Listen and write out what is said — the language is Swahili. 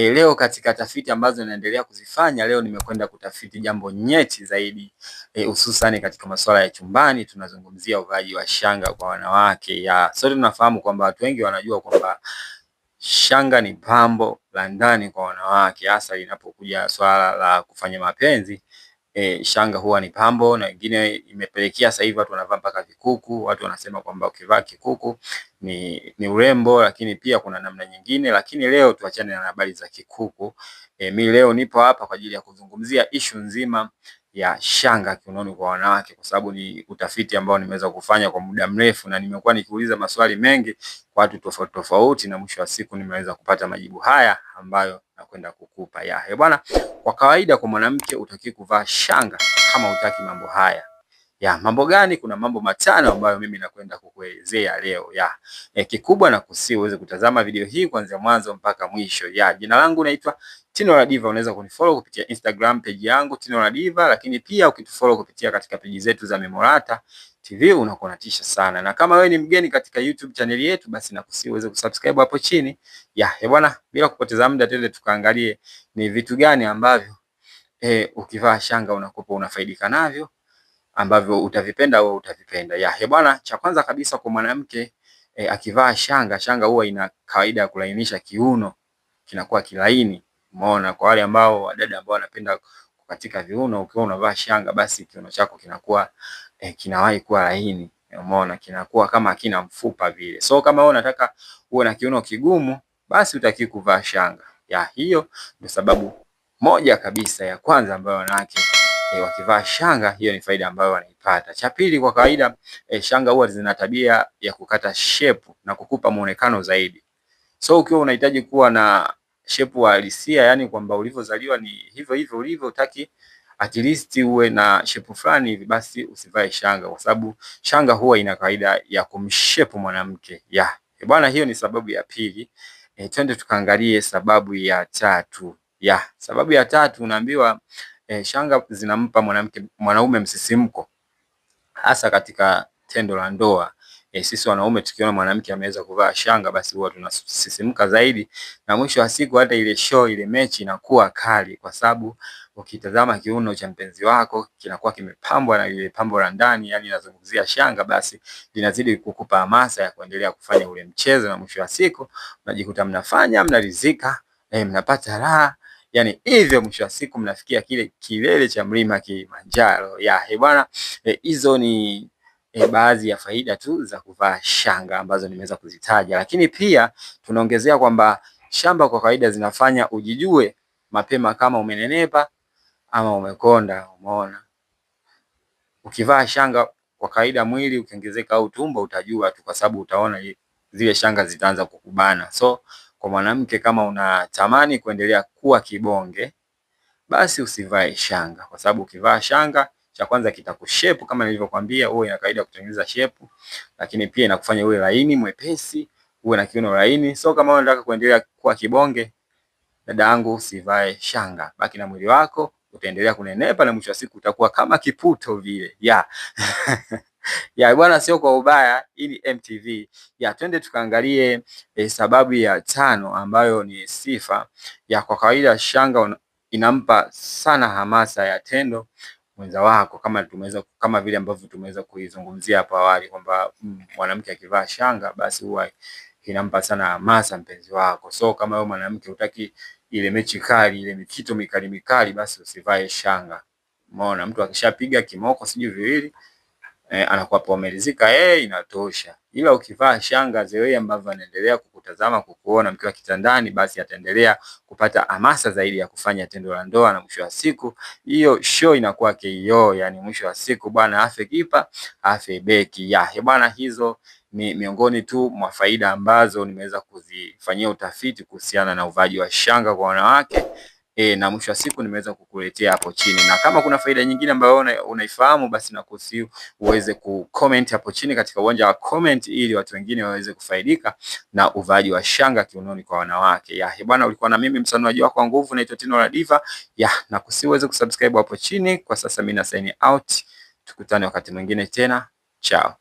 E, leo katika tafiti ambazo naendelea kuzifanya leo nimekwenda kutafiti jambo nyeti zaidi eh, hususani e, katika masuala ya chumbani. Tunazungumzia uvaaji wa shanga kwa wanawake ya sote tunafahamu kwamba watu wengi wanajua kwamba shanga ni pambo la ndani kwa wanawake, hasa linapokuja swala la kufanya mapenzi E, shanga huwa ni pambo na wengine imepelekea sasa hivi watu wanavaa mpaka vikuku. Watu wanasema kwamba ukivaa kikuku ni urembo, lakini pia kuna namna nyingine. Lakini leo tuachane na habari za kikuku. E, mi leo nipo hapa kwa ajili ya kuzungumzia ishu nzima ya shanga kiunoni kwa wanawake kwa sababu ni utafiti ambao nimeweza kufanya kwa muda mrefu na nimekuwa nikiuliza maswali mengi kwa watu tofauti tofauti, na mwisho wa siku nimeweza kupata majibu haya ambayo nakwenda kukupa ya hebwana. Kwa kawaida, kwa mwanamke utaki kuvaa shanga kama utaki mambo haya. Ya, mambo gani? Kuna mambo matano ambayo mimi nakwenda kukuelezea leo. Ya, e, kikubwa na kusi uweze kutazama video hii kuanzia mwanzo mpaka mwisho. Ya, jina langu naitwa Tino La Diva, unaweza kunifollow kupitia Instagram page yangu Tino La Diva, lakini pia ukitufollow kupitia katika page zetu za Memorata TV unakuwa natisha sana. Na kama wewe ni mgeni katika YouTube channel yetu, basi nakusi uweze kusubscribe hapo chini. Ya, e bwana, bila kupoteza muda twende tukaangalie ni vitu gani ambavyo eh, ukivaa shanga unakopa unafaidika navyo ambavyo utavipenda au utavipenda. Ya, he bwana, cha kwanza kabisa kwa mwanamke e, akivaa shanga, shanga huwa ina kawaida ya kulainisha kiuno, kinakuwa kilaini. Umeona, kwa wale ambao wadada ambao wanapenda katika viuno, ukiwa unavaa shanga, basi kiuno chako kinakuwa e, kinawahi kuwa laini. Umeona, kinakuwa kama kina mfupa vile. So kama wewe unataka uwe na kiuno kigumu, basi utaki kuvaa shanga. Ya, hiyo ndio sababu moja kabisa ya kwanza ambayo wanawake e, wakivaa shanga hiyo ni faida ambayo wanaipata. Cha pili, kwa kawaida e, shanga huwa zina tabia ya kukata shepu na kukupa muonekano zaidi. So ukiwa unahitaji kuwa na shepu halisia, yani kwamba ulivyozaliwa ni hivyo hivyo ulivyo, utaki at least uwe na shepu fulani hivi, basi usivae shanga, kwa sababu shanga huwa ina kawaida ya kumshepu mwanamke ya yeah. Bwana, hiyo ni sababu ya pili. E, twende tukaangalie sababu ya tatu. Ya, sababu ya tatu unaambiwa E, Shanga zinampa mwanamke mwanaume msisimko hasa katika tendo la ndoa. E, Sisi wanaume tukiona mwanamke ameweza kuvaa shanga, basi huwa tunasisimka zaidi, na mwisho wa siku hata ile show ile mechi inakuwa kali, kwa sababu ukitazama kiuno cha mpenzi wako kinakuwa kimepambwa na ile pambo la ndani, yani nazungumzia shanga, basi linazidi kukupa hamasa ya kuendelea kufanya ule mchezo, na mwisho wa siku unajikuta mnafanya, mnaridhika, eh, mnapata raha yani hivyo, mwisho wa siku mnafikia kile kilele cha mlima Kilimanjaro. Ya he eh, bwana, eh, hizo ni E, baadhi ya faida tu za kuvaa shanga ambazo nimeweza kuzitaja, lakini pia tunaongezea kwamba shamba kwa kawaida zinafanya ujijue mapema kama umenenepa ama umekonda. Umeona, ukivaa shanga kwa kawaida mwili ukiongezeka au tumbo utajua tu, kwa sababu utaona zile shanga zitaanza kukubana so kwa mwanamke kama unatamani kuendelea kuwa kibonge, basi usivae shanga, kwa sababu ukivaa shanga, cha kwanza kitakushepu kama nilivyokuambia, uwe ina kawaida kutengeneza shepu, lakini pia inakufanya uwe laini mwepesi, uwe na kiuno laini. So kama unataka kuendelea kuwa kibonge, dada yangu, usivae shanga, baki na mwili wako, utaendelea kunenepa na mwisho wa siku utakuwa kama kiputo vile ya ya bwana, sio kwa ubaya, ili MTV ya twende tukaangalie e, sababu ya tano ambayo ni sifa ya. Kwa kawaida shanga inampa sana hamasa ya tendo mwenza wako, kama tumeweza kama vile ambavyo tumeweza kuizungumzia hapo awali kwamba mm, mwanamke akivaa shanga basi huwa inampa sana hamasa mpenzi wako. So kama wewe mwanamke utaki ile mechi kali ile mikito mikali mikali, basi usivae shanga. Umeona, mtu akishapiga kimoko sijui viwili Eh, anakuwa ameridhika eh, inatosha. Ila ukivaa shanga, zewei ambavyo anaendelea kukutazama kukuona mkiwa kitandani, basi ataendelea kupata hamasa zaidi ya kufanya tendo la ndoa, na mwisho wa siku hiyo show inakuwa KO, yani mwisho wa siku bwana afe kipa afe beki ya bwana. Hizo ni miongoni tu mwa faida ambazo nimeweza kuzifanyia utafiti kuhusiana na uvaji wa shanga kwa wanawake. E, na mwisho wa siku nimeweza kukuletea hapo chini, na kama kuna faida nyingine ambayo una, unaifahamu basi nakusihi uweze comment hapo chini katika uwanja wa comment, ili watu wengine waweze kufaidika na uvaaji wa shanga kiunoni kwa wanawake. Ya bwana, ulikuwa na mimi msanuaji wako wa nguvu, naitwa Tino la Diva. Ya na uweze kusubscribe hapo chini. Kwa sasa mimi na sign out, tukutane wakati mwingine tena, chao.